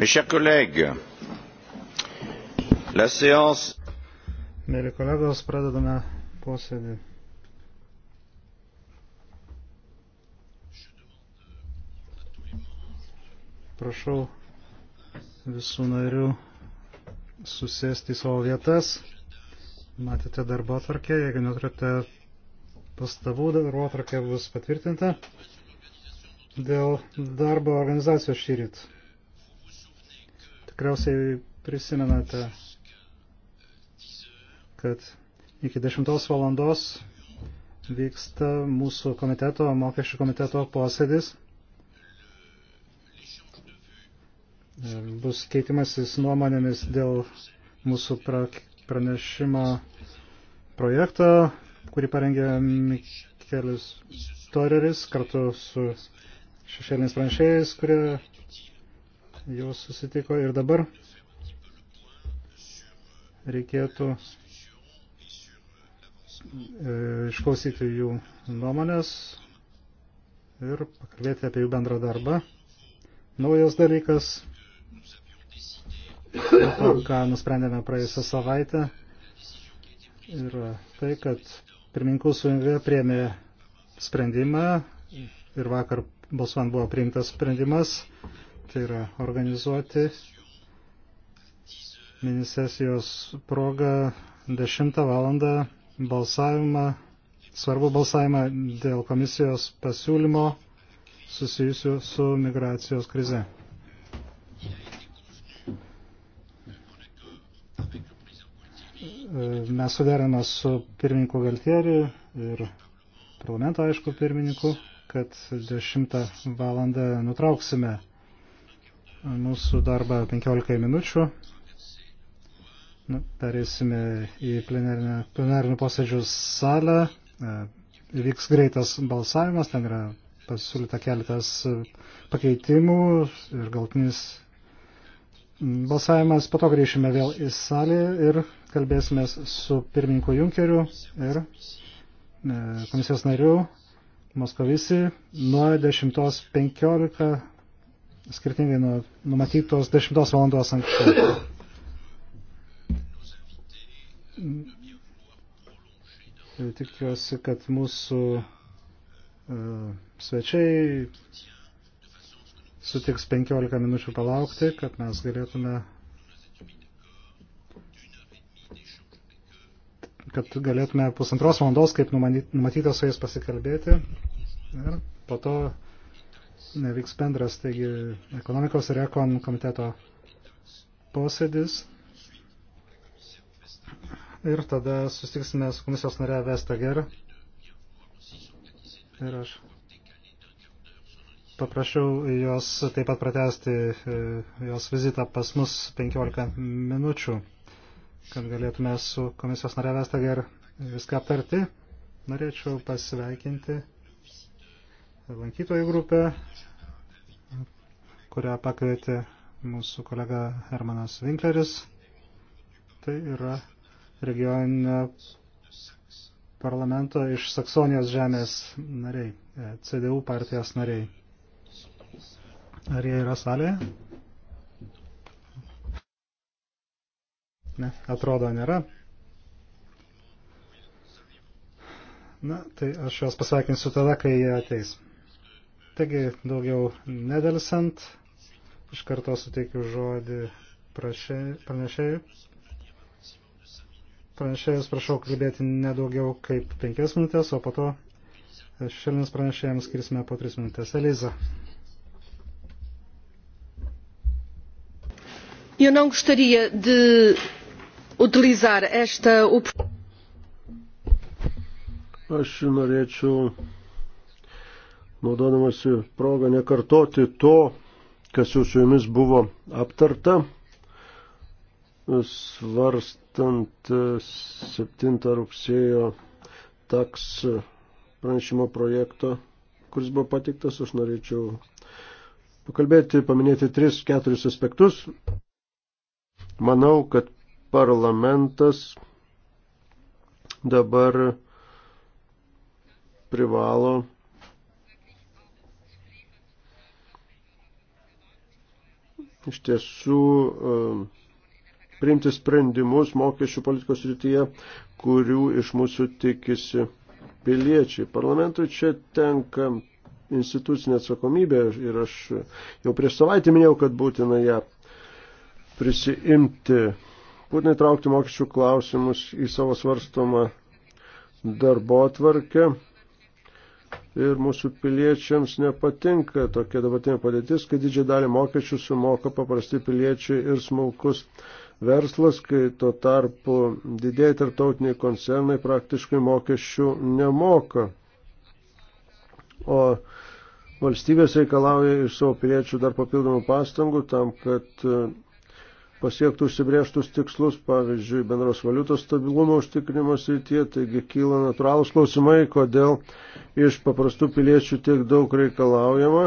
Mes chers collègues, la séance. Mėly kolegos, pradedame posėdį. Prašau visų narių susėsti į savo vietas. Matėte darbo atvarkę, jeigu neturite pastabų, darbo atvarkė bus patvirtinta dėl darbo organizacijos šyrit. Tikriausiai prisimenate, kad iki 10 valandos vyksta mūsų komiteto, mokesčių komiteto posėdis. Bus keitimasis nuomonėmis dėl mūsų pranešimo projekto, kurį parengė Mikelis Toreris kartu su šešėliniais pranešėjais, kurie jos susitiko ir dabar reikėtų e, išklausyti jų nuomonės ir pakalbėti apie jų bendrą darbą. Naujas dalykas, to, ką nusprendėme praėjusią savaitę, yra tai, kad pirminkų suinga priemė sprendimą ir vakar balsuojant buvo priimtas sprendimas tai yra organizuoti minisesijos proga 10 valandą balsavimą, svarbu balsavimą dėl komisijos pasiūlymo susijusių su migracijos krize. Mes suderėme su pirmininku Galtieriu ir parlamento, aišku, pirmininku, kad 10 valandą nutrauksime mūsų darbą 15 minučių. Nu, perėsime į plenarinių posėdžių salę. E, Vyks greitas balsavimas, ten yra pasiūlyta keletas e, pakeitimų ir galtinis balsavimas. Po to grįšime vėl į salę ir kalbėsime su pirmininku Junkeriu ir e, komisijos nariu Moskovisi nuo 10.15 skirtingai nuo numatytos 10 valandos anksčiau. Tikiuosi, kad mūsų uh, svečiai sutiks 15 minučių palaukti, kad mes galėtume kad galėtume pusantros valandos, kaip numatyta su jais pasikalbėti. Ir po to vyks bendras, taigi ekonomikos ir ekon komiteto posėdis. Ir tada sustiksime su komisijos nare Vestager. Ir aš paprašiau jos taip pat pratesti e, jos vizitą pas mus 15 minučių, kad galėtume su komisijos nare Vestager viską aptarti. Norėčiau pasveikinti lankytojų grupę, kurią pakvietė mūsų kolega Hermanas Winkleris. Tai yra regioninio parlamento iš Saksonijos žemės nariai, e, CDU partijos nariai. Ar jie yra salėje? Ne, atrodo nėra. Na, tai aš juos pasveikinsiu tada, kai jie ateis. Taigi, daugiau nedelsant, iš karto suteikiu žodį pranešėjui. Pranešėjus prašau kalbėti nedaugiau kaip penkias minutės, o po to šešėlinis pranešėjams skirsime po tris minutės. Eliza. Eu não gostaria de utilizar esta oportunidade. Aš norėčiau naudodamasi progą nekartoti to, kas jau su jumis buvo aptarta, svarstant 7 rugsėjo taks pranešimo projekto, kuris buvo patiktas, aš norėčiau pakalbėti, paminėti 3-4 aspektus. Manau, kad parlamentas dabar privalo iš tiesų e, priimti sprendimus mokesčių politikos rytyje, kurių iš mūsų tikisi piliečiai. Parlamentui čia tenka institucinė atsakomybė ir aš jau prieš savaitę minėjau, kad būtina ją prisiimti, būtinai traukti mokesčių klausimus į savo svarstomą darbo atvarkę ir mūsų piliečiams nepatinka tokia dabartinė padėtis, kai didžią dalį mokesčių sumoka paprasti piliečiai ir smulkus verslas, kai tuo tarpu didėjai tarptautiniai koncernai praktiškai mokesčių nemoka. O valstybės reikalauja iš savo piliečių dar papildomų pastangų tam, kad pasiektų užsibrieštus tikslus, pavyzdžiui, bendros valiutos stabilumo užtikrinimo srityje, taigi kyla natūralūs klausimai, kodėl iš paprastų piliečių tiek daug reikalaujama.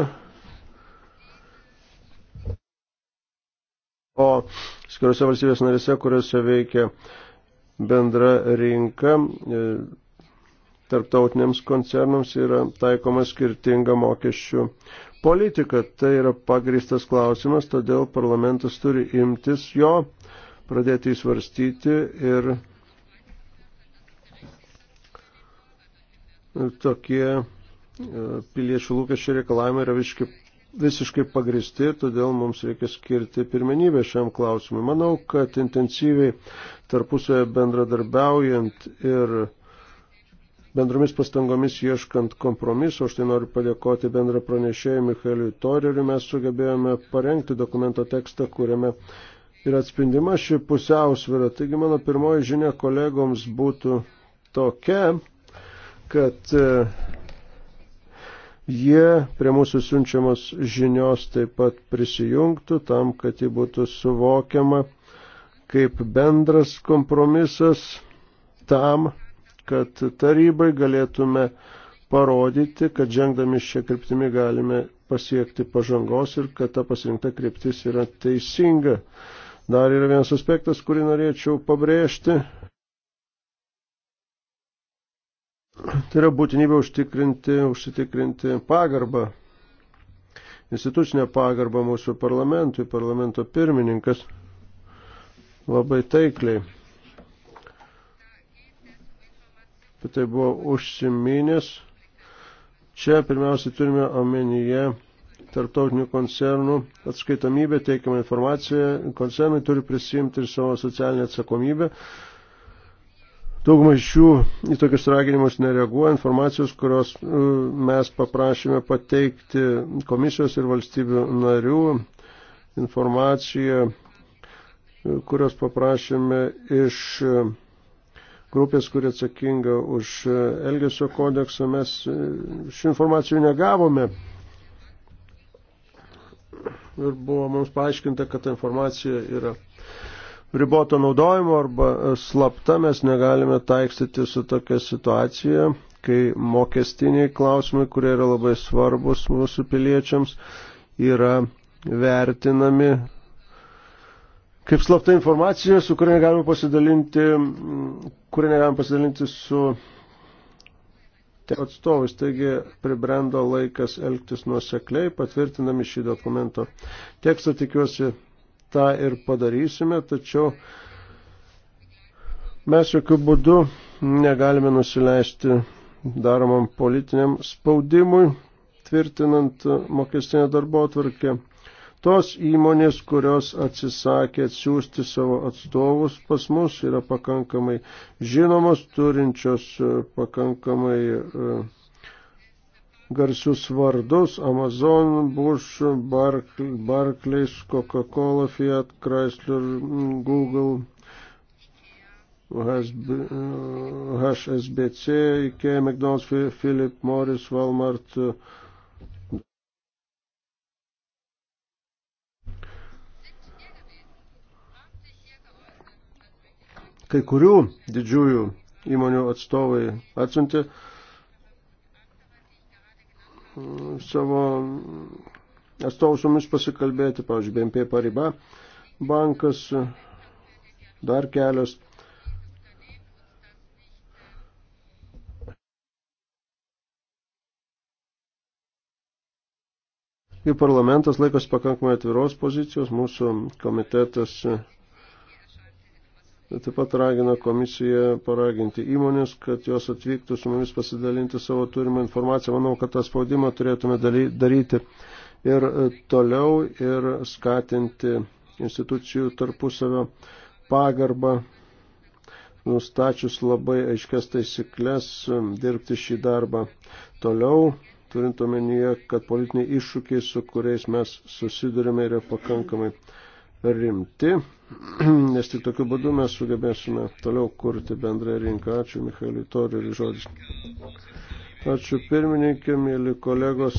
O skiriuose valstybės narėse, kuriuose veikia bendra rinka, e, tarptautiniams koncernams yra taikoma skirtinga mokesčių politiką. Tai yra pagristas klausimas, todėl parlamentas turi imtis jo, pradėti įsvarstyti ir tokie e, piliečių lūkesčių reikalavimai yra visiškai, visiškai pagristi, todėl mums reikia skirti pirmenybę šiam klausimui. Manau, kad intensyviai tarpusavę bendradarbiaujant ir bendromis pastangomis ieškant kompromiso. Aš tai noriu padėkoti bendra pranešėjai Michaeliui Toreriui. Mes sugebėjome parengti dokumento tekstą, kuriame yra atspindima ši pusiausvėra. Taigi mano pirmoji žinia kolegoms būtų tokia, kad e, jie prie mūsų siunčiamos žinios taip pat prisijungtų tam, kad ji būtų suvokiama kaip bendras kompromisas tam, kad tarybai galėtume parodyti, kad žengdami šią kryptimį galime pasiekti pažangos ir kad ta pasirinkta kryptis yra teisinga. Dar yra vienas aspektas, kurį norėčiau pabrėžti. Tai yra būtinybė užtikrinti, užsitikrinti pagarbą, institucinę pagarbą mūsų parlamentui, parlamento pirmininkas labai taikliai apie tai buvo užsiminęs. Čia pirmiausia turime omenyje tarptautinių koncernų atskaitomybę, teikiamą informaciją. Koncernai turi prisimti ir savo socialinę atsakomybę. Daugumai šių į tokius raginimus nereaguoja informacijos, kurios e, mes paprašėme pateikti komisijos ir valstybių narių informaciją, e, kurios paprašėme iš e, grupės, kuri atsakinga už Elgesio kodeksą, mes šių informacijų negavome. Ir buvo mums paaiškinta, kad ta informacija yra riboto naudojimo arba slapta, mes negalime taikstyti su tokia situacija, kai mokestiniai klausimai, kurie yra labai svarbus mūsų piliečiams, yra vertinami kaip slapta informacija, su kuria negalime pasidalinti, mm, kuria negalime pasidalinti su atstovais. Taigi pribrendo laikas elgtis nuosekliai, patvirtinami šį dokumento tekstą, tikiuosi, tą ir padarysime, tačiau mes jokių būdų negalime nusileisti daromam politiniam spaudimui, tvirtinant mokestinę darbo atvarkę. Tos įmonės, kurios atsisakė atsiųsti savo atstovus pas mus, yra pakankamai žinomos, turinčios e, pakankamai e, garsius vardus - Amazon, Bush, Barclays, Coca-Cola, Fiat, Chrysler, mm, Google, HSBC, IKEA, McDonald's, Philip Morris, Walmart, kai kurių didžiųjų įmonių atstovai atsiuntė mm, savo atstovus su mumis pasikalbėti, pavyzdžiui, BNP Pariba, bankas, dar kelios. Ir parlamentas laikosi pakankamai atviros pozicijos, mūsų komitetas Taip pat ragina komisiją paraginti įmonės, kad jos atvyktų su mumis pasidalinti savo turimą informaciją. Manau, kad tą spaudimą turėtume daryti ir e, toliau ir skatinti institucijų tarpusavio pagarbą, nustačius labai aiškias taisyklės, e, dirbti šį darbą toliau, turint omenyje, kad politiniai iššūkiai, su kuriais mes susidurime, yra pakankamai rimti, nes tik tokiu būdu mes sugebėsime toliau kurti bendrą rinką. Ačiū Michaeliui Toreriui žodis. Ačiū pirmininkė, mėly kolegos.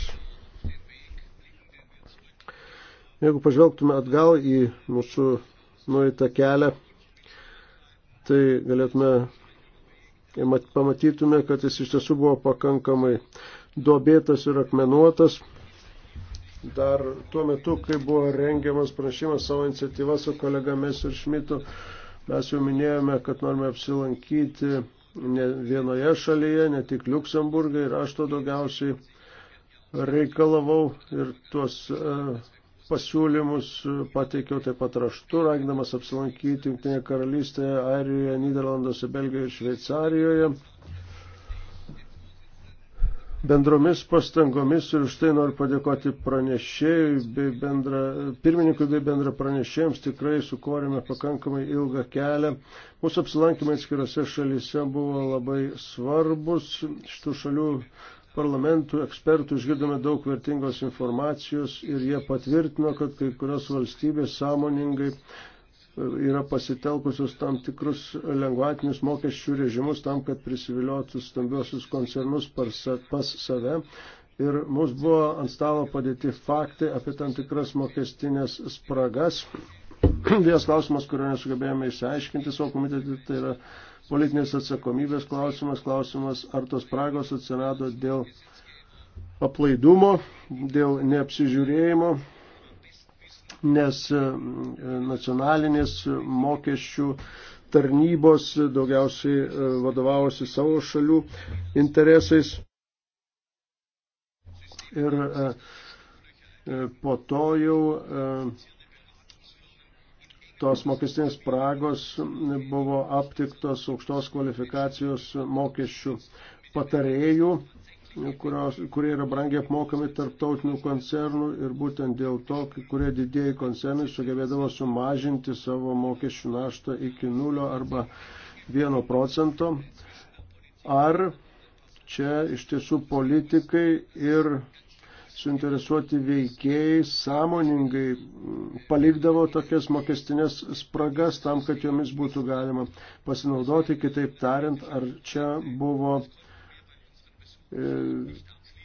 Jeigu pažvelgtume atgal į mūsų nueitą kelią, tai galėtume pamatytume, kad jis iš tiesų buvo pakankamai duobėtas ir akmenuotas dar tuo metu, kai buvo rengiamas pranešimas savo iniciatyvą su kolega Mesiu ir Šmitu, mes jau minėjome, kad norime apsilankyti ne vienoje šalyje, ne tik Luksemburgai ir aš to daugiausiai reikalavau ir tuos e, pasiūlymus e, pateikiau taip pat raštu, raginamas apsilankyti Junktinėje karalystėje, Airijoje, Niderlanduose, Belgijoje ir Šveicarijoje bendromis pastangomis ir už tai noriu padėkoti pranešėjui bei bendra, pirmininkui bei bendra pranešėjams. Tikrai sukūrėme pakankamai ilgą kelią. Mūsų apsilankymai atskirose šalyse buvo labai svarbus. Šitų šalių parlamentų ekspertų išgirdome daug vertingos informacijos ir jie patvirtino, kad kai kurios valstybės sąmoningai yra pasitelkusios tam tikrus lengvatinius mokesčių režimus tam, kad prisiviliotų stambiosius koncernus pas save. Ir mums buvo ant stalo padėti faktai apie tam tikras mokestinės spragas. Vienas klausimas, kurio nesugebėjome išsiaiškinti savo komitetį, tai yra politinės atsakomybės klausimas, klausimas, ar tos spragos atsirado dėl aplaidumo, dėl neapsižiūrėjimo, nes e, nacionalinės mokesčių tarnybos daugiausiai e, vadovavosi savo šalių interesais. Ir e, po to jau tos mokestinės pragos buvo aptiktos aukštos kvalifikacijos mokesčių patarėjų kurios, kurie yra brangiai apmokami tarptautinių koncernų ir būtent dėl to, kurie didėjai koncernai sugebėdavo sumažinti savo mokesčių naštą iki nulio arba vieno procento. Ar čia iš tiesų politikai ir suinteresuoti veikėjai sąmoningai palikdavo tokias mokestinės spragas tam, kad jomis būtų galima pasinaudoti, kitaip tariant, ar čia buvo uh, E,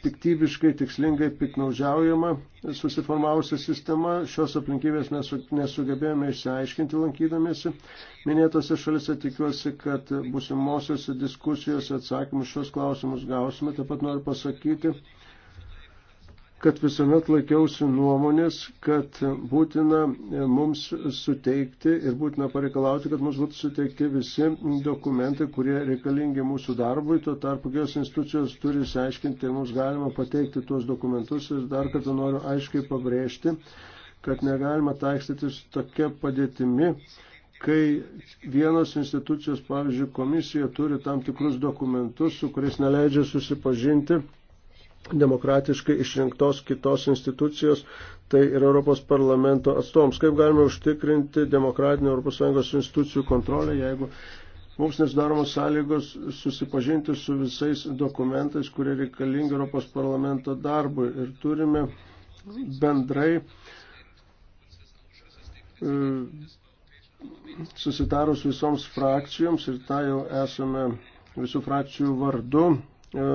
piktybiškai, tikslingai piknaudžiaujama susiformavusi sistema. Šios aplinkybės nesu, nesugebėjome išsiaiškinti lankydamėsi. Minėtose šalise tikiuosi, kad busimosiose diskusijose atsakymus šios klausimus gausime. Taip pat noriu pasakyti, kad visuomet laikiausi nuomonės, kad būtina mums suteikti ir būtina pareikalauti, kad mums būtų suteikti visi dokumentai, kurie reikalingi mūsų darbui. Tuo tarpu jos institucijos turi išsiaiškinti ir mums galima pateikti tuos dokumentus. Ir dar kartą noriu aiškiai pabrėžti, kad negalima taikstytis tokia padėtimi, kai vienos institucijos, pavyzdžiui, komisija turi tam tikrus dokumentus, su kuriais neleidžia susipažinti demokratiškai išrinktos kitos institucijos, tai ir Europos parlamento atstovams. Kaip galime užtikrinti demokratinę ES institucijų kontrolę, jeigu mums nesudaromos sąlygos susipažinti su visais dokumentais, kurie reikalingi Europos parlamento darbui. Ir turime bendrai e, susitarus visoms frakcijoms ir tą jau esame visų frakcijų vardu e,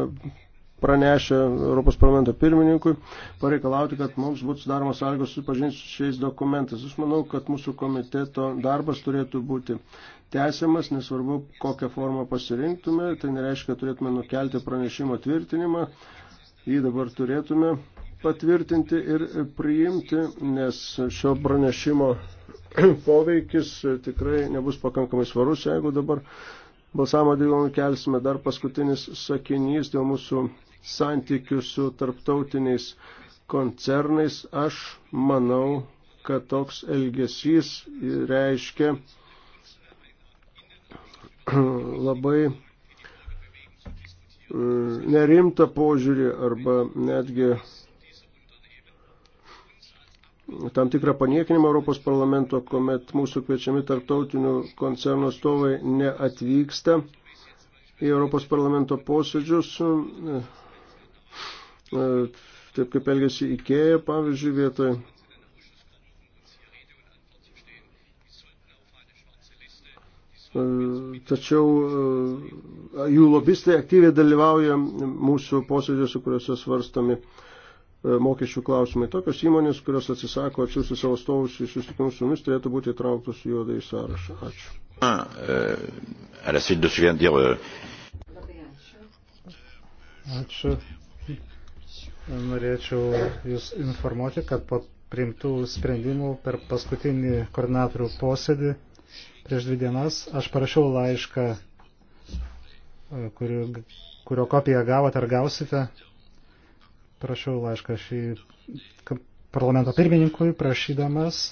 pranešę Europos parlamento pirmininkui, pareikalauti, kad mums būtų sudaromas sąlygos susipažinti su šiais dokumentais. Aš manau, kad mūsų komiteto darbas turėtų būti tęsiamas, nesvarbu, kokią formą pasirinktume. Tai nereiškia, kad turėtume nukelti pranešimo tvirtinimą. Jį dabar turėtume patvirtinti ir priimti, nes šio pranešimo poveikis tikrai nebus pakankamai svarus, jeigu dabar balsavimo dėl nukelsime dar paskutinis sakinys dėl mūsų santykių su tarptautiniais koncernais, aš manau, kad toks elgesys reiškia labai e, nerimtą požiūrį arba netgi tam tikrą paniekinimą Europos parlamento, kuomet mūsų kviečiami tarptautinių koncernų atstovai neatvyksta į Europos parlamento posėdžius. E, taip kaip elgesi Ikėja, pavyzdžiui, vietoj. E, tačiau e, jų lobistai aktyviai dalyvauja mūsų posėdžiuose, kuriuose svarstami mokesčių klausimai. Tokios įmonės, kurios atsisako atsiųsti savo stovus į susitikimus su mumis, turėtų būti įtrauktos į juodą į sąrašą. Ačiū. Ah, euh, euh Ačiū norėčiau Jūs informuoti, kad po priimtų sprendimų per paskutinį koordinatorių posėdį prieš dvi dienas aš parašiau laišką, e, kurio, kurio kopiją gavote ar gausite. Parašiau laišką šį parlamento pirmininkui, prašydamas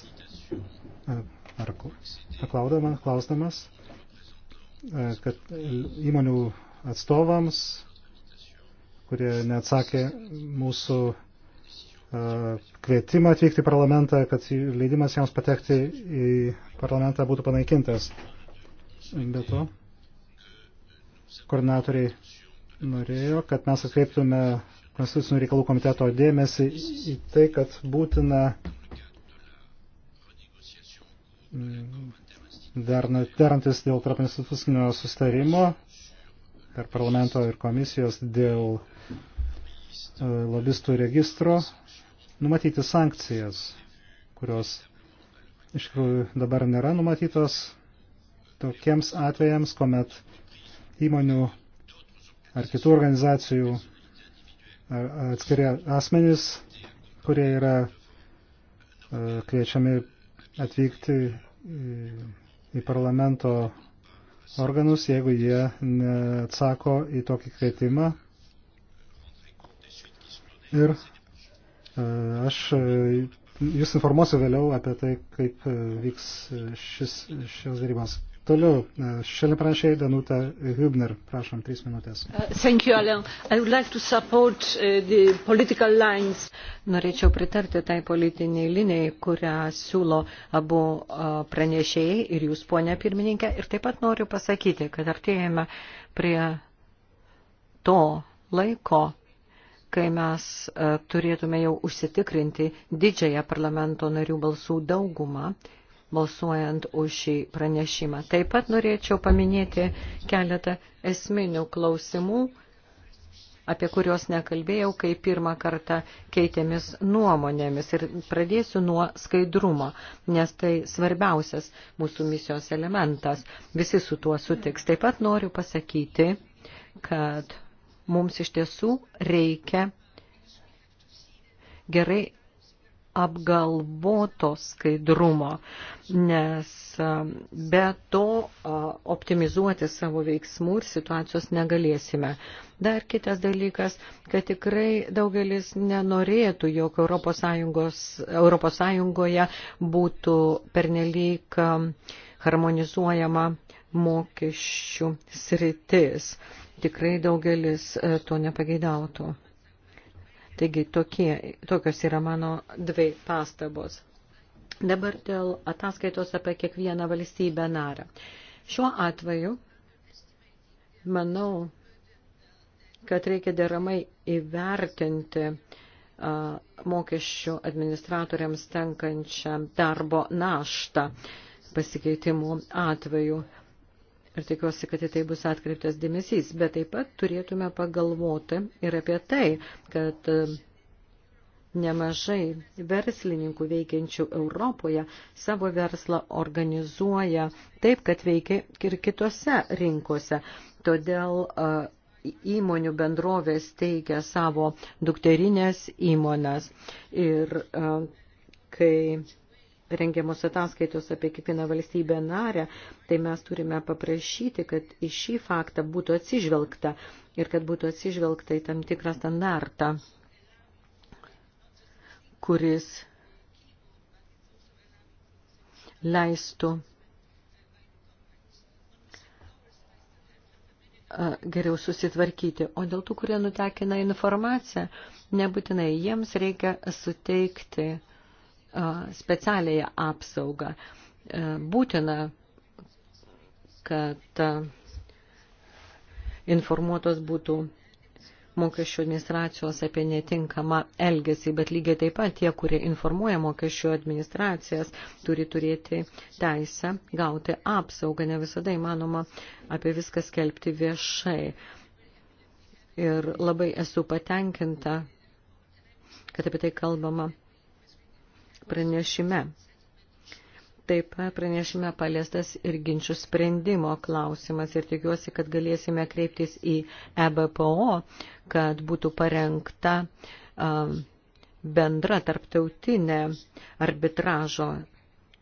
e, ar klausdamas, klausdamas e, kad įmonių atstovams kurie neatsakė mūsų e, kvietimą atvykti į parlamentą, kad leidimas jiems patekti į parlamentą būtų panaikintas. Be to, koordinatoriai norėjo, kad mes atkreiptume Konstitucinių reikalų komiteto dėmesį į tai, kad būtina mm, derantis dėl tarp institucinio sustarimo tarp parlamento ir komisijos dėl e, lobistų registro numatyti sankcijas, kurios iš tikrųjų dabar nėra numatytos tokiems atvejams, kuomet įmonių ar kitų organizacijų ar atskiri asmenys, kurie yra e, kviečiami atvykti į parlamento organus, jeigu jie atsako į tokį kvietimą. Ir e, aš e, jūs informuosiu vėliau apie tai, kaip e, vyks šis, šios darybos. Toliau, e, šiandien prašė Danuta Hübner, prašom, trys minutės. Uh, thank you, Alan. I would like to support uh, the political lines. Norėčiau pritarti tai politiniai linijai, kurią siūlo abu uh, pranešėjai ir jūs, ponia pirmininkė. Ir taip pat noriu pasakyti, kad artėjame prie to laiko, kai mes turėtume jau užsitikrinti didžiąją parlamento narių balsų daugumą balsuojant už šį pranešimą. Taip pat norėčiau paminėti keletą esminių klausimų, apie kuriuos nekalbėjau, kai pirmą kartą keitėmis nuomonėmis. Ir pradėsiu nuo skaidrumo, nes tai svarbiausias mūsų misijos elementas. Visi su tuo sutiks. Taip pat noriu pasakyti, kad mums iš tiesų reikia gerai apgalvoto skaidrumo, nes be to optimizuoti savo veiksmų ir situacijos negalėsime. Dar kitas dalykas, kad tikrai daugelis nenorėtų, jog ES, ES būtų pernelyg harmonizuojama mokesčių sritis. Tikrai daugelis to nepageidautų. Taigi tokie, tokios yra mano dvi pastabos. Dabar dėl ataskaitos apie kiekvieną valstybę narą. Šiuo atveju, manau, kad reikia deramai įvertinti uh, mokesčių administratoriams tenkančią darbo naštą pasikeitimų atveju ir tikiuosi, kad į tai bus atkreiptas dėmesys, bet taip pat turėtume pagalvoti ir apie tai, kad e, nemažai verslininkų veikiančių Europoje savo verslą organizuoja taip, kad veikia ir kitose rinkose. Todėl e, įmonių bendrovės teikia savo dukterinės įmonas. Ir e, kai rengiamos ataskaitos apie kiekvieną valstybę narę, tai mes turime paprašyti, kad į šį faktą būtų atsižvelgta ir kad būtų atsižvelgta į tam tikrą standartą, kuris leistų geriau susitvarkyti. O dėl tų, kurie nutekina informaciją, nebūtinai jiems reikia suteikti uh, specialiąją apsaugą. E, būtina, kad informuotos būtų mokesčių administracijos apie netinkamą elgesį, bet lygiai taip pat tie, kurie informuoja mokesčių administracijas, turi turėti teisę gauti apsaugą. Ne visada įmanoma apie viską skelbti viešai. Ir labai esu patenkinta, kad apie tai kalbama pranešime. Taip pat pranešime paliestas ir ginčių sprendimo klausimas ir tikiuosi, kad galėsime kreiptis į EBPO, kad būtų parengta bendra tarptautinė arbitražo,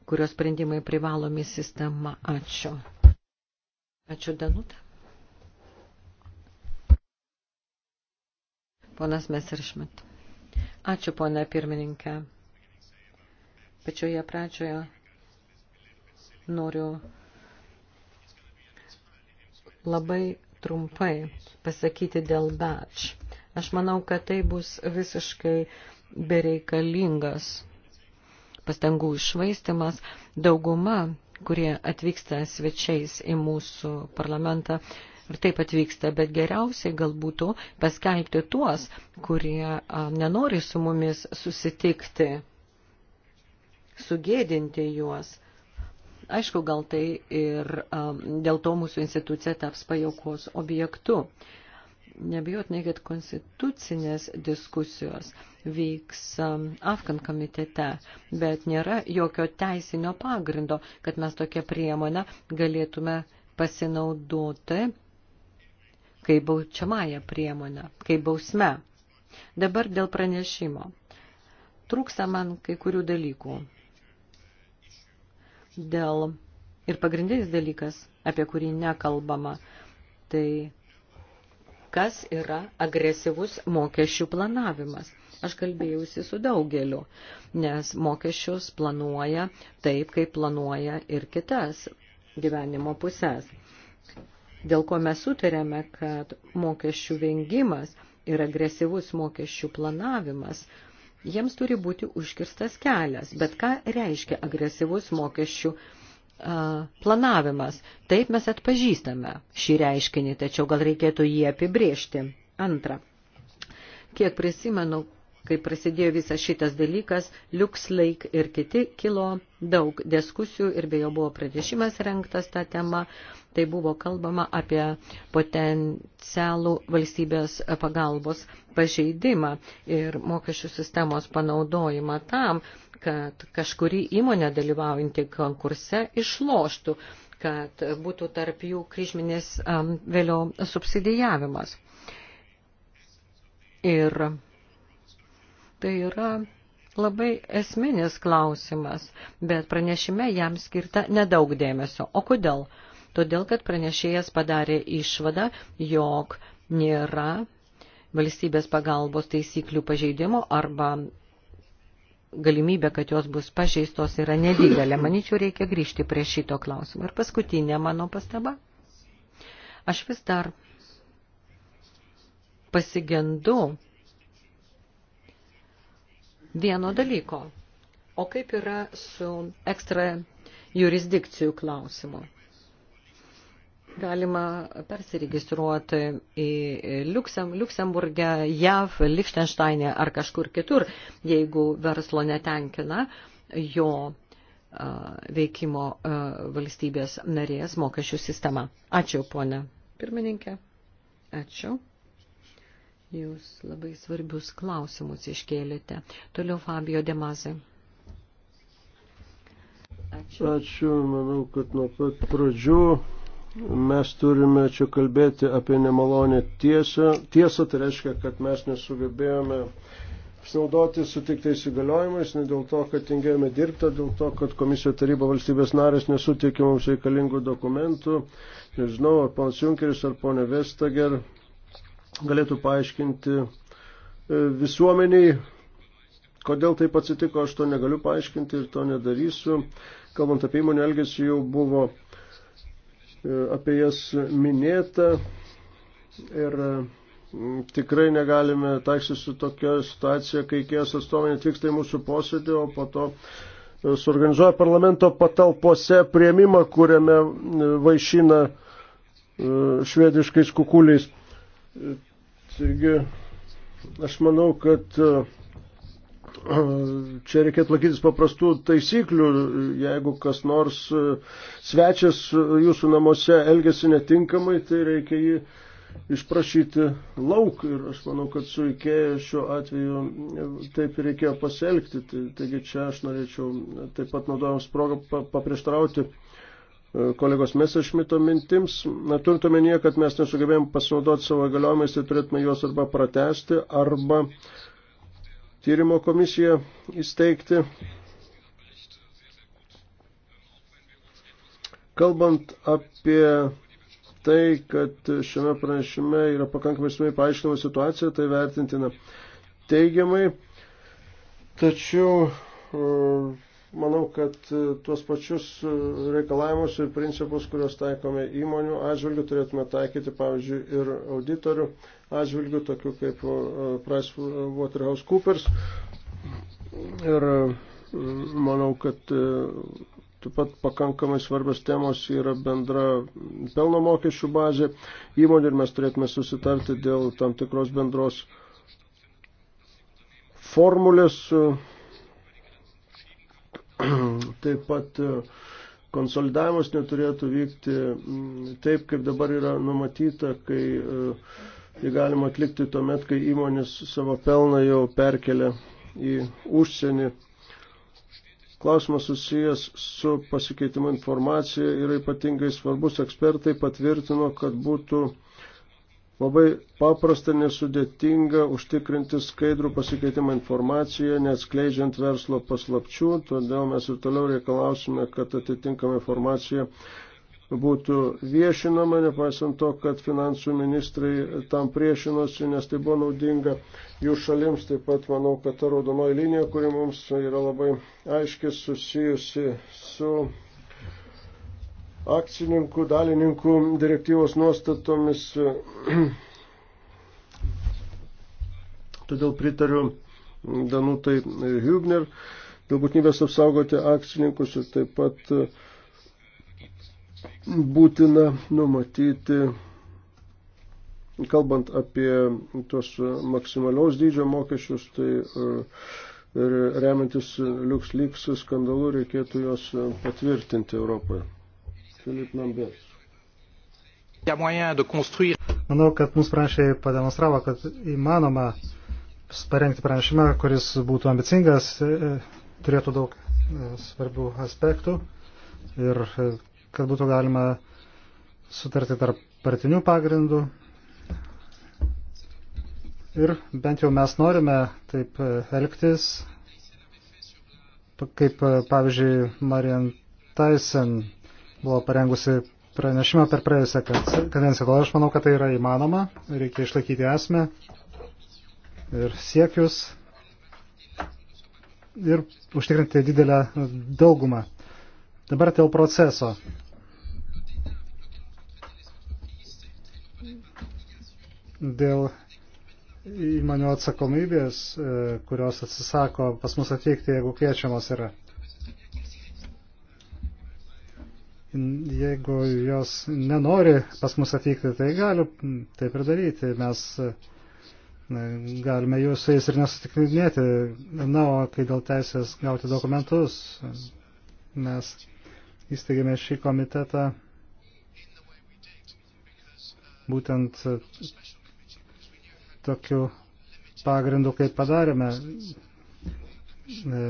kurios sprendimai privalomi sistema. Ačiū. Ačiū, Danutė. Ponas Meseršmit. Ačiū, ponė pirmininkė pačioje pradžioje noriu labai trumpai pasakyti dėl batch. Aš manau, kad tai bus visiškai bereikalingas pastangų išvaistimas. Dauguma, kurie atvyksta svečiais į mūsų parlamentą, ir taip atvyksta, bet geriausiai gal būtų paskelbti tuos, kurie a, nenori su mumis susitikti sugėdinti juos. Aišku, gal tai ir um, dėl to mūsų institucija taps pajaukos objektu. Nebijotinai, kad konstitucinės diskusijos vyks um, Afgan komitete, bet nėra jokio teisinio pagrindo, kad mes tokią priemonę galėtume pasinaudoti kaip baučiamąją priemonę, kaip bausme. Dabar dėl pranešimo. Trūksta man kai kurių dalykų dėl ir pagrindinis dalykas, apie kurį nekalbama, tai kas yra agresyvus mokesčių planavimas. Aš kalbėjausi su daugeliu, nes mokesčius planuoja taip, kaip planuoja ir kitas gyvenimo pusės. Dėl ko mes sutarėme, kad mokesčių vengimas ir agresyvus mokesčių planavimas – jiems turi būti užkirstas kelias. Bet ką reiškia agresyvus mokesčių planavimas? Taip mes atpažįstame šį reiškinį, tačiau gal reikėtų jį apibriežti. Antra, kiek prisimenu, kai prasidėjo visas šitas dalykas, Lux Lake ir kiti kilo daug diskusijų ir be jo buvo pranešimas renktas tą temą tai buvo kalbama apie potencialų valstybės pagalbos pažeidimą ir mokesčių sistemos panaudojimą tam, kad kažkuri įmonė dalyvaujantį konkurse išloštų, kad būtų tarp jų kryžminės um, vėliau subsidijavimas. Ir tai yra labai esminis klausimas, bet pranešime jam skirta nedaug dėmesio. O kodėl? todėl kad pranešėjas padarė išvadą, jog nėra valstybės pagalbos taisyklių pažeidimo arba galimybė, kad jos bus pažeistos, yra nedidelė. Maničiau, reikia grįžti prie šito klausimo. Ir paskutinė mano pastaba. Aš vis dar pasigendu vieno dalyko. O kaip yra su ekstra jurisdikcijų klausimu? Galima persiregistruoti į Liuksem, Liuksemburgę, JAV, Lichtensteinė ar kažkur kitur, jeigu verslo netenkina jo veikimo valstybės narės mokesčių sistema. Ačiū, ponė pirmininkė. Ačiū. Jūs labai svarbius klausimus iškėlėte. Toliau Fabio Demazai. Ačiū. Ačiū, manau, kad nuo pat pradžių mes turime čia kalbėti apie nemalonę tiesą. Tiesa, tai reiškia, kad mes nesugebėjome pasinaudoti sutiktais įgaliojimais, ne dėl to, kad tingėjome dirbti, dėl to, kad komisija taryba valstybės narės nesutikė mums reikalingų dokumentų. Nežinau, ar pan Junkeris, ar ponė Vestager galėtų paaiškinti e, visuomeniai, kodėl taip atsitiko, aš to negaliu paaiškinti ir to nedarysiu. Kalbant apie įmonę elgesį, jau buvo uh, apie jas minėta ir mm, tikrai negalime taiksti su tokia situacija, kai kies atstovai atvyksta į mūsų posėdį, o po to e, suorganizuoja parlamento patalpose prieimimą, kuriame mm, vaišina e, švediškais kukuliais. Taigi, aš manau, kad e, čia reikėtų laikytis paprastų taisyklių, jeigu kas nors e, svečias e, jūsų namuose elgesi netinkamai, tai reikia jį išprašyti lauk ir aš manau, kad su Ikėja šiuo atveju e, taip ir reikėjo pasielgti. Tai, taigi čia aš norėčiau taip pat naudojams progą paprieštrauti kolegos Mesešmito mintims. Na, turint omenyje, kad mes nesugebėjom pasinaudoti savo galiojimais, tai turėtume juos arba pratesti, arba uh, tyrimo komisiją įsteigti. Kalbant apie tai, kad šiame pranešime yra pakankamai sumiai paaiškinama situacija, tai vertintina teigiamai. Tačiau e, manau, kad tuos pačius reikalavimus ir principus, kuriuos taikome įmonių atžvilgių, turėtume taikyti, pavyzdžiui, ir auditorių atžvilgių, tokių kaip e, PricewaterhouseCoopers. Ir e, manau, kad e, Taip pat pakankamai svarbios temos yra bendra pelno mokesčių bazė įmonė ir mes turėtume susitarti dėl tam tikros bendros formulės. Taip pat konsolidavimas neturėtų vykti taip, kaip dabar yra numatyta, kai uh, jį galima atlikti tuomet, kai įmonės savo pelną jau perkelia į užsienį. Klausimas susijęs su pasikeitimu informacija yra ypatingai svarbus. Ekspertai patvirtino, kad būtų labai paprasta, nesudėtinga užtikrinti skaidrų pasikeitimą informaciją, neatskleidžiant verslo paslapčių. Todėl mes ir toliau reikalausime, kad atitinkama informacija būtų viešinama, nepaisant to, kad finansų ministrai tam priešinosi, nes tai buvo naudinga jų šalims. Taip pat manau, kad ta raudonoji linija, kuri mums yra labai aiškiai susijusi su akcininkų, dalininkų direktyvos nuostatomis. Todėl pritariu Danutai Hübner dėl būtinybės apsaugoti akcininkus ir taip pat uh, būtina numatyti, kalbant apie tuos maksimaliaus dydžio mokesčius, tai e, remiantis LuxLeaks skandalu reikėtų juos patvirtinti Europoje. Filip Lambert. Manau, kad mūsų pranešėjai pademonstravo, kad įmanoma parengti pranešimą, kuris būtų ambicingas, e, turėtų daug e, svarbių aspektų ir kad būtų galima sutarti tarp partinių pagrindų. Ir bent jau mes norime taip elgtis, kaip pavyzdžiui Marian Tyson buvo parengusi pranešimą per praėjusią kadenciją. Todėl aš manau, kad tai yra įmanoma, reikia išlaikyti esmę ir siekius ir užtikrinti didelę daugumą. Dabar dėl proceso. dėl įmonių atsakomybės, e, kurios atsisako pas mus atvykti, jeigu kviečiamos yra. Jeigu jos nenori pas mus atvykti, tai galiu taip ir daryti. Mes e, galime jūs su jais ir nesutikrinėti. Na, o kai dėl teisės gauti dokumentus, mes įsteigėme šį komitetą būtent tokiu pagrindu, kaip padarėme, e,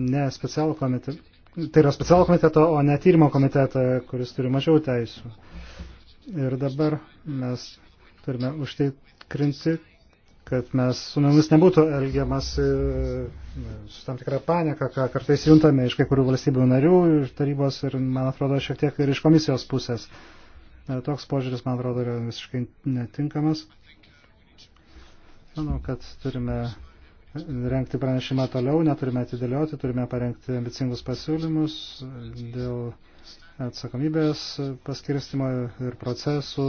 ne specialų komitetą, tai yra specialų komitetą, o ne tyrimo komitetą, kuris turi mažiau teisų. Ir dabar mes turime užtikrinti, kad mes su mumis nebūtų elgiamas e, su tam tikra panika, ką kartais juntame iš kai kurių valstybių narių, iš tarybos ir, man atrodo, šiek tiek ir iš komisijos pusės. E, toks požiūris, man atrodo, yra visiškai netinkamas. Manau, kad turime rengti pranešimą toliau, neturime atidėlioti, turime parengti ambicingus pasiūlymus dėl atsakomybės paskirstimo ir procesų,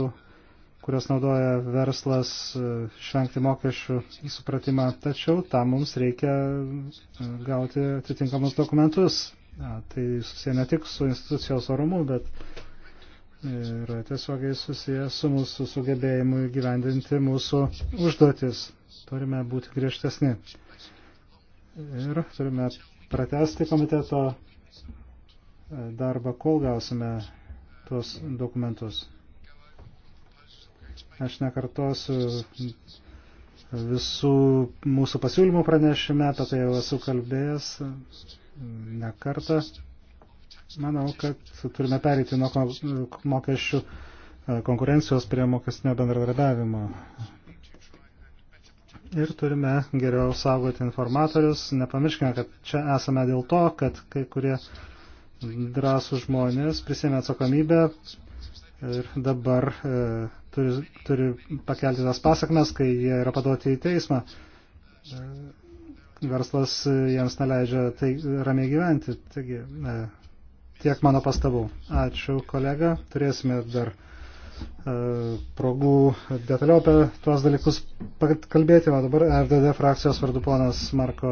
kurios naudoja verslas išvengti mokesčių supratimą. Tačiau tam mums reikia gauti atitinkamus dokumentus. Tai susiję ne tik su institucijos orumu, bet yra tiesiogiai susijęs su mūsų sugebėjimu įgyvendinti mūsų užduotis. Turime būti griežtesni. Ir turime pratesti komiteto e, darbą, kol gausime tuos dokumentus. Aš nekartosiu visų mūsų pasiūlymų pranešime, apie tai jau esu kalbėjęs e, ne kartą. Manau, kad turime pereiti nuo mokesčių e, konkurencijos prie mokestinio bendradarbiavimo. Ir turime geriau saugoti informatorius. Nepamirškime, kad čia esame dėl to, kad kai kurie drąsų žmonės prisėmė atsakomybę ir dabar e, turi, turi pakelti tas pasakmes, kai jie yra paduoti į teismą. E, verslas jiems neleidžia tai ramiai gyventi. Taigi, e, Tiek mano pastabų. Ačiū, kolega. Turėsime dar uh, progų detaliau apie tuos dalykus kalbėti, o dabar RDD frakcijos vardu ponas Marko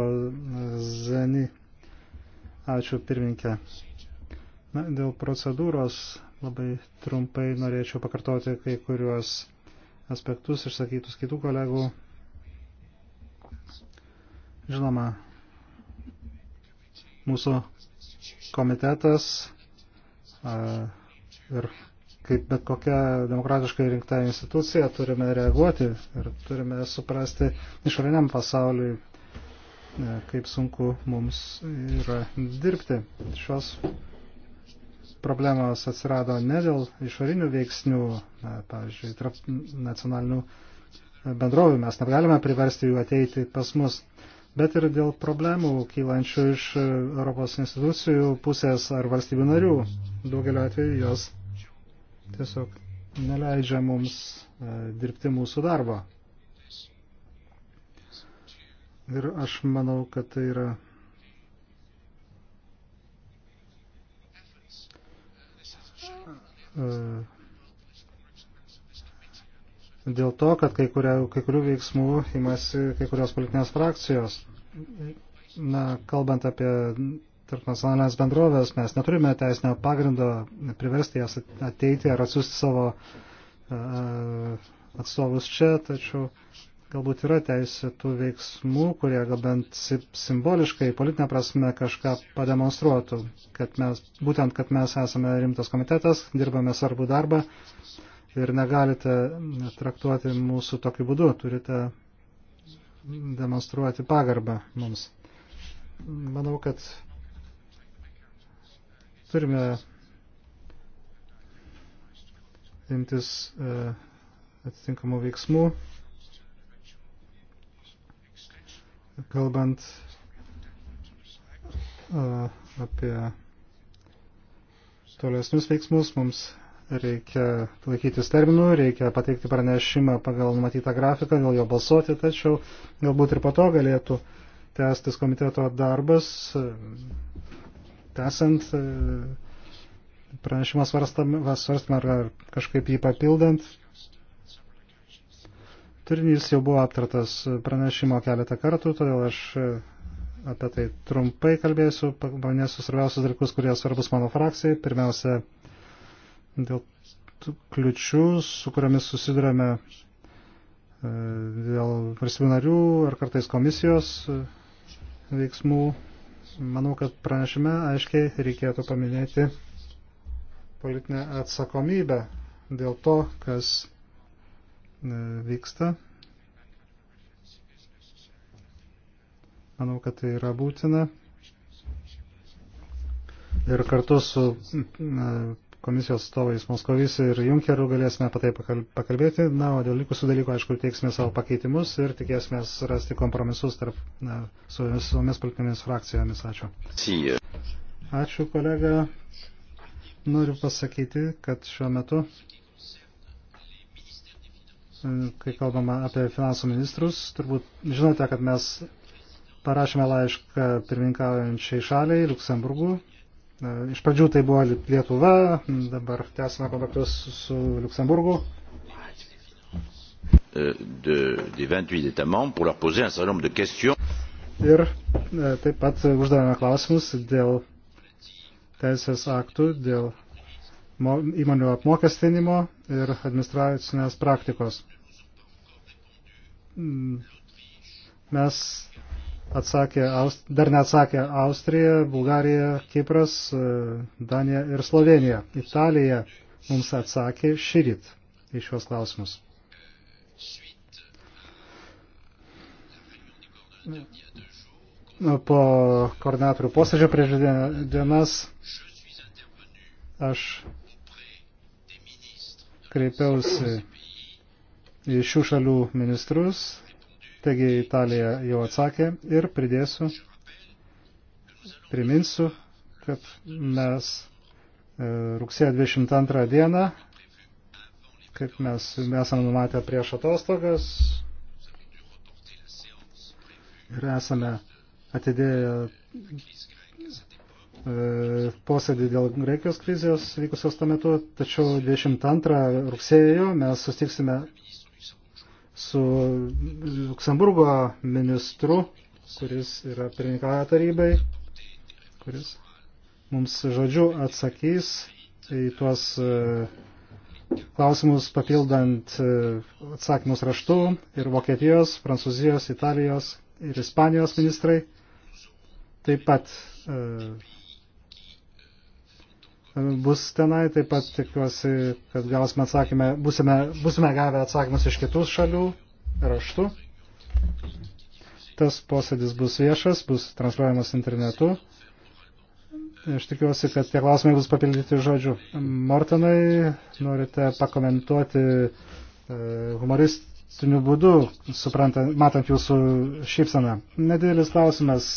Zeni. Ačiū, pirmininkė. Na, dėl procedūros labai trumpai norėčiau pakartoti kai kuriuos aspektus išsakytus kitų kolegų. Žinoma, mūsų komitetas ir kaip bet kokia demokratiškai rinkta institucija turime reaguoti ir turime suprasti išoriniam pasauliui, kaip sunku mums yra dirbti. Šios problemos atsirado ne dėl išorinių veiksnių, na, pavyzdžiui, tarp nacionalinių bendrovių. Mes negalime priversti jų ateiti pas mus bet ir dėl problemų kylančių iš e, Europos institucijų pusės ar valstybių narių. Daugeliu atveju jos tiesiog neleidžia mums e, dirbti mūsų darbą. Ir aš manau, kad tai yra e, dėl to, kad kai, kuria, kai kurių veiksmų imasi kai kurios politinės frakcijos. Na, kalbant apie tarpnacionalinės bendrovės, mes neturime teisinio pagrindo priversti jas ateiti ar atsiųsti savo uh, atstovus čia, tačiau galbūt yra teisė tų veiksmų, kurie gal bent simboliškai, politinė prasme kažką pademonstruotų, kad mes, būtent, kad mes esame rimtas komitetas, dirbame svarbų darbą ir negalite traktuoti mūsų tokiu būdu, turite demonstruoti pagarbą mums. Manau, kad turime imtis e, atitinkamų veiksmų, kalbant e, apie tolesnius veiksmus, mums reikia laikytis terminų, reikia pateikti pranešimą pagal numatytą grafiką, dėl jo balsuoti, tačiau galbūt ir po to galėtų tęstis komiteto darbas, tęsant e, pranešimą svarstymą ar kažkaip jį papildant. Turinys jau buvo aptartas pranešimo keletą kartų, todėl aš e, apie tai trumpai kalbėsiu, paminėsiu svarbiausius dalykus, kurie svarbus mano frakcijai. Pirmiausia, dėl kliučių, su kuriamis susidurėme e, dėl valstybių narių ar kartais komisijos e, veiksmų. Manau, kad pranešime aiškiai reikėtų paminėti politinę atsakomybę dėl to, kas e, vyksta. Manau, kad tai yra būtina. Ir kartu su komisijos atstovais Moskovis ir Junkeriu galėsime apie tai pakalbėti. Na, o dėl likusių dalykų, aišku, teiksime savo pakeitimus ir tikėsime rasti kompromisus tarp na, su visomis politinėmis frakcijomis. Ačiū. Ačiū, kolega. Noriu pasakyti, kad šiuo metu, e, kai kalbama apie finansų ministrus, turbūt žinote, kad mes parašėme laišką pirmininkaujančiai šaliai, Luksemburgų, E, iš pradžių tai buvo Lietuva, dabar tęsime kontaktus su Luksemburgu. De, des 28 États membres pour leur poser un certain nombre de questions. Ir e, taip pat uždavėme klausimus dėl teisės aktų, dėl įmonių apmokestinimo ir administracinės praktikos. Mm, mes atsakė, dar neatsakė Austrija, Bulgarija, Kipras, e, Danija ir Slovenija. Italija mums atsakė šyrit į šios klausimus. Po koordinatorių posėdžio prieš dienas aš kreipiausi į šių šalių ministrus Taigi Italija jau atsakė ir pridėsiu, priminsiu, kad mes e, rugsėjo 22 dieną, kaip mes esame numatę prieš atostogas ir esame atidėję e, posėdį dėl Graikijos krizės vykusios tuo metu, tačiau 22 rugsėjo mes sustiksime su Luksemburgo ministru, kuris yra pirmininkavę tarybai, kuris mums žodžiu atsakys į tuos e, klausimus papildant e, atsakymus raštu ir Vokietijos, Prancūzijos, Italijos ir Ispanijos ministrai taip pat e, bus tenai. Taip pat tikiuosi, kad gausime atsakymę, busime, busime gavę atsakymus iš kitų šalių raštu. Tas posėdis bus viešas, bus transliuojamas internetu. Aš tikiuosi, kad tie klausimai bus papildyti žodžiu. Mortonai, norite pakomentuoti e, humoristiniu būdu, supranta, matant jūsų šypsaną. Nedidelis klausimas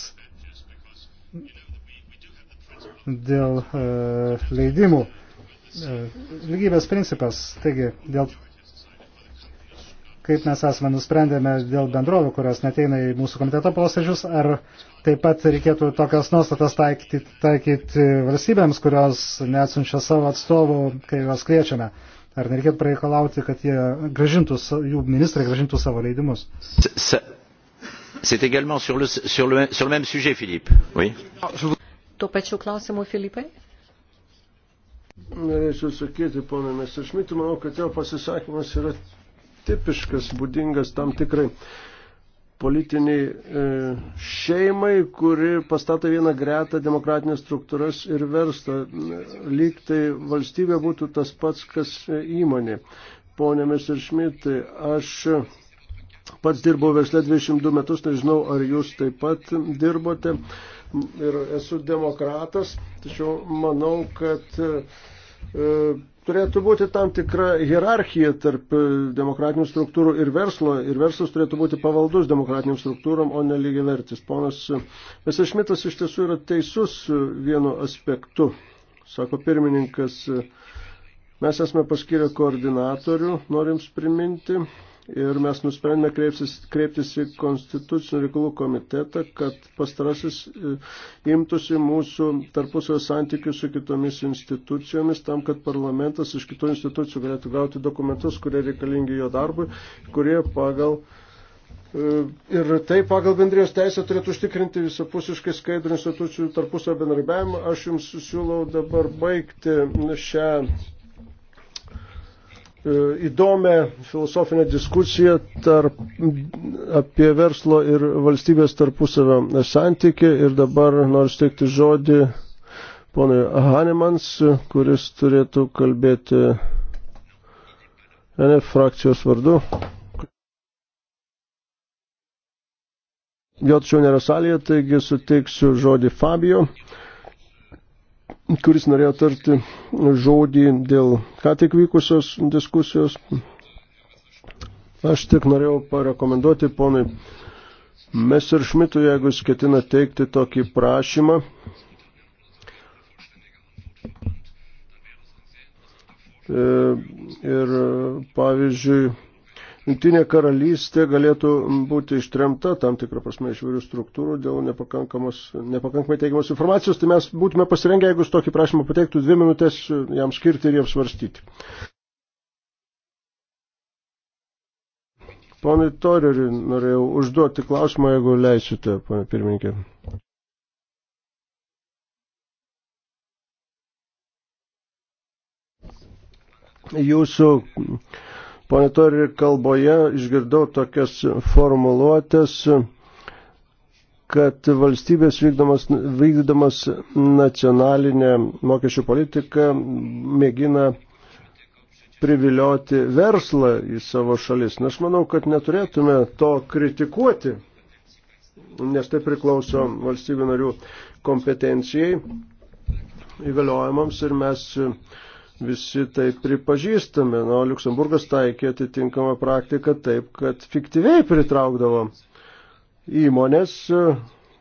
dėl e, leidimų. E, lygybės principas, taigi, dėl kaip mes esame nusprendėme dėl bendrovių, kurios neteina į mūsų komiteto posėdžius, ar taip pat reikėtų tokias nuostatas taikyti, taikyti valstybėms, kurios neatsunčia savo atstovų, kai juos kviečiame. Ar nereikėtų pareikalauti, kad jie gražintų, jų ministrai gražintų savo leidimus? C'est également sur le, sur, le, sur le même sujet, Philippe. Oui tuo pačiu klausimu, Filipai? Norėčiau sakyti, ponė Mesešmitė, manau, kad jo pasisakymas yra tipiškas, būdingas tam tikrai politiniai e, šeimai, kuri pastato vieną gretą demokratinės struktūras ir verslą. Lyg tai valstybė būtų tas pats, kas įmonė. Pone Mesiršmitai, aš pats dirbau verslę 22 metus, nežinau, ar jūs taip pat dirbote ir esu demokratas, tačiau manau, kad e, e, turėtų būti tam tikra hierarchija tarp e, demokratinių struktūrų ir verslo, ir verslas turėtų būti pavaldus demokratiniam struktūram, o ne lygiai vertis. Ponas Vesešmitas iš tiesų yra teisus vienu aspektu, sako pirmininkas. Mes esame paskyrę koordinatorių, norim priminti, ir mes nusprendėme kreiptis, kreiptis į Konstitucinio reikalų komitetą, kad pastarasis e, imtųsi mūsų tarpusio santykių su kitomis institucijomis, tam, kad parlamentas iš kitų institucijų galėtų gauti dokumentus, kurie reikalingi jo darbui, kurie pagal e, Ir tai pagal bendrijos teisę turėtų užtikrinti visapusiškai skaidrų institucijų tarpusio bendradarbiavimą. Aš jums siūlau dabar baigti šią E, įdomią filosofinę diskusiją tarp, apie verslo ir valstybės tarpusavio santykį ir dabar noriu steigti žodį ponui Hanemans, kuris turėtų kalbėti NF frakcijos vardu. Jo tačiau nėra salėje, taigi suteiksiu žodį Fabio. Uh, kuris norėjo tarti žodį dėl ką tik vykusios diskusijos. Aš tik norėjau parekomenduoti ponui Messerschmittui, jeigu jis ketina teikti tokį prašymą, e, ir pavyzdžiui Jungtinė karalystė galėtų būti ištremta tam tikrą prasme iš vairių struktūrų dėl nepakankamai teigiamos informacijos, tai mes būtume pasirengę, jeigu tokį prašymą pateiktų dvi minutės, jam skirti ir jį apsvarstyti. Pone Toreriui norėjau užduoti klausimą, jeigu leisite, pane pirmininkė. Jūsų Pone Tori kalboje išgirdau tokias formuluotės, kad valstybės vykdomas, vykdomas nacionalinė mokesčių politika mėgina privilioti verslą į savo šalis. Nes manau, kad neturėtume to kritikuoti, nes tai priklauso valstybių narių kompetencijai įgaliojimams ir mes uh, visi tai pripažįstame. Na, Luksemburgas taikė atitinkamą praktiką taip, kad fiktyviai pritraukdavo įmonės,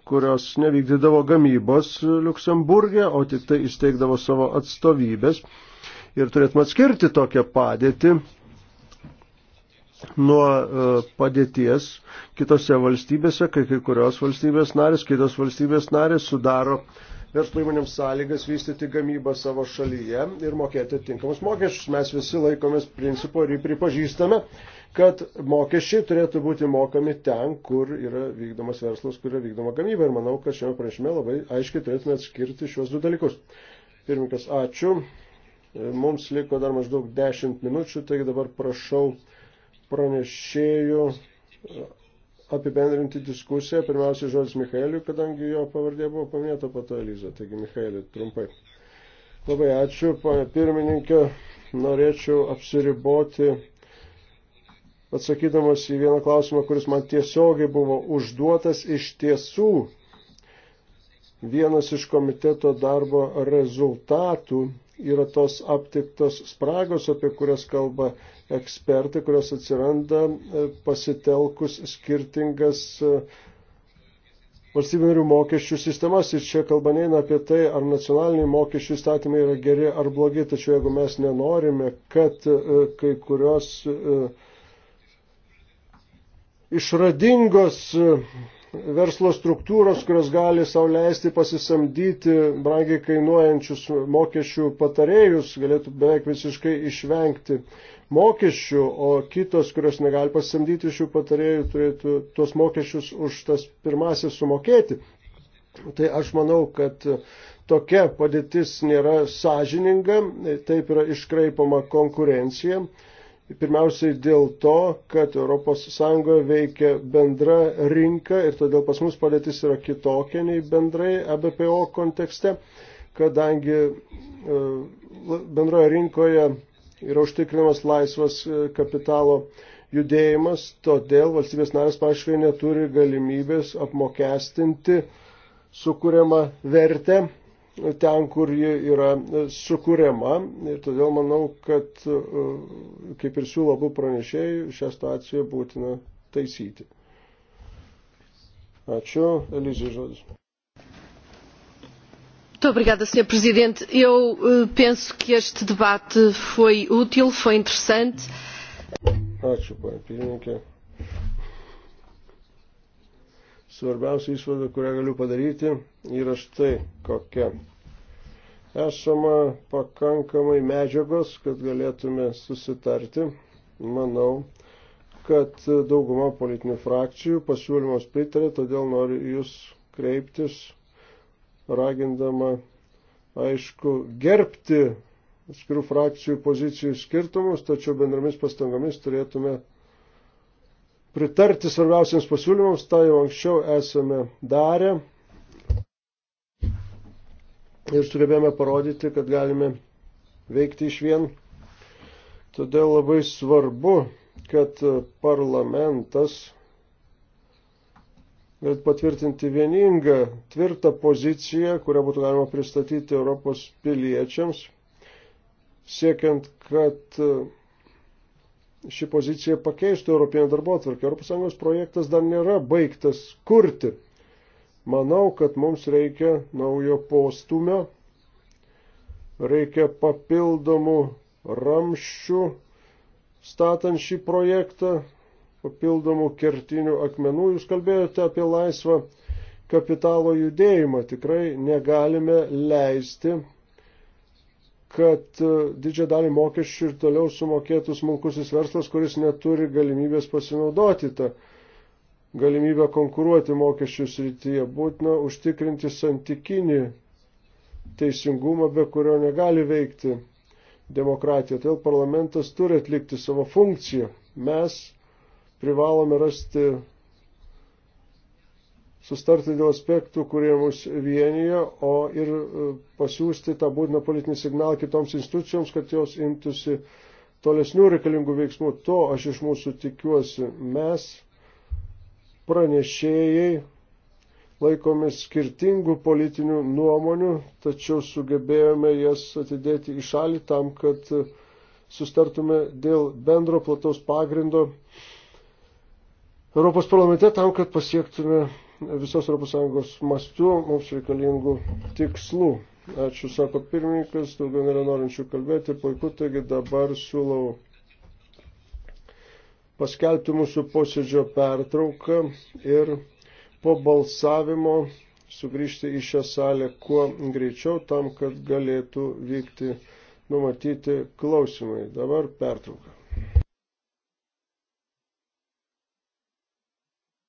kurios nevykdydavo gamybos Luksemburgė, o tik tai įsteigdavo savo atstovybės. Ir turėtume atskirti tokią padėtį nuo e, padėties kitose valstybėse, kai kai kurios valstybės narės, kitos valstybės narės sudaro uh, verslo įmonėms sąlygas vystyti gamybą savo šalyje ir mokėti tinkamus mokesčius. Mes visi laikomės principo ir pripažįstame, kad mokesčiai turėtų būti mokami ten, kur yra vykdomas verslas, kur yra vykdoma gamyba. Ir manau, kad šiame prašyme labai aiškiai turėtume atskirti šios du dalykus. Pirmininkas, ačiū. Mums liko dar maždaug 10 minučių, taigi dabar prašau pranešėjų apibendrinti diskusiją. Pirmiausia, žodis Michaeliui, kadangi jo pavardė buvo paminėta po to Eliza. Taigi, Michaeliui, trumpai. Labai ačiū, pane pirmininkė. Norėčiau apsiriboti atsakydamas į vieną klausimą, kuris man tiesiogiai buvo užduotas. Iš tiesų, vienas iš komiteto darbo rezultatų yra tos aptiktos spragos, apie kurias kalba ekspertai, kurios atsiranda e, pasitelkus skirtingas e, valstybių narių mokesčių sistemas. Ir čia kalba neina apie tai, ar nacionaliniai mokesčių įstatymai yra geri ar blogi, tačiau jeigu mes nenorime, kad e, kai kurios išradingos verslo struktūros, kurios gali sauliaisti pasisamdyti brangiai kainuojančius mokesčių patarėjus, galėtų beveik visiškai išvengti mokesčių, o kitos, kurios negali pasisamdyti šių patarėjų, turėtų tuos mokesčius už tas pirmasis sumokėti. Tai aš manau, kad tokia padėtis nėra sąžininga, taip yra iškraipama konkurencija Pirmiausiai dėl to, kad ES veikia bendra rinka ir todėl pas mus padėtis yra kitokia nei bendrai ABPO kontekste, kadangi e, bendroje rinkoje yra užtikrinamas laisvas e, kapitalo judėjimas, todėl valstybės narės paškai neturi galimybės apmokestinti sukūriamą vertę ten, kur ji yra sukūriama. Ir todėl manau, kad, e, kaip ir siūlo abu pranešėjai, šią situaciją būtina taisyti. Ačiū, Elizė Žodis. Muito obrigada, Sr. Presidente. Eu uh, penso que este debate foi útil, foi interessante. Ačiū, pane pirmininkė svarbiausia išvada, kurią galiu padaryti, yra štai kokia. Esama pakankamai medžiagos, kad galėtume susitarti. Manau, kad dauguma politinių frakcijų pasiūlymus pritarė, todėl noriu jūs kreiptis, ragindama, aišku, gerbti atskirų frakcijų pozicijų skirtumus, tačiau bendromis pastangomis turėtume pritarti svarbiausiams pasiūlymams, tą jau anksčiau esame darę ir sugebėjome parodyti, kad galime veikti iš vien. Todėl labai svarbu, kad parlamentas galėtų patvirtinti vieningą, tvirtą poziciją, kurią būtų galima pristatyti Europos piliečiams, siekiant, kad ši pozicija pakeistų Europinę darbo atvarkę. ES projektas dar nėra baigtas kurti. Manau, kad mums reikia naujo postumio, reikia papildomų ramščių statant šį projektą, papildomų kertinių akmenų. Jūs kalbėjote apie laisvą kapitalo judėjimą. Tikrai negalime leisti kad e, didžią dalį mokesčių ir toliau sumokėtų smulkusis verslas, kuris neturi galimybės pasinaudoti tą galimybę konkuruoti mokesčių srityje. Būtina užtikrinti santykinį teisingumą, be kurio negali veikti demokratija. Todėl parlamentas turi atlikti savo funkciją. Mes privalome rasti sustarti dėl aspektų, kurie mus vienijo, o ir e, pasiūsti tą būtiną politinį signalą kitoms institucijoms, kad jos imtųsi tolesnių reikalingų veiksmų. To aš iš mūsų tikiuosi. Mes, pranešėjai, laikomės skirtingų politinių nuomonių, tačiau sugebėjome jas atidėti į šalį tam, kad e, sustartume dėl bendro plataus pagrindo Europos parlamente tam, kad pasiektume visos ES mastu mums reikalingų tikslų. Ačiū, sako pirmininkas, daugiau nėra norinčių kalbėti, puiku, taigi dabar siūlau paskelbti mūsų posėdžio pertrauką ir po balsavimo sugrįžti į šią salę kuo greičiau tam, kad galėtų vykti numatyti klausimai. Dabar pertrauka.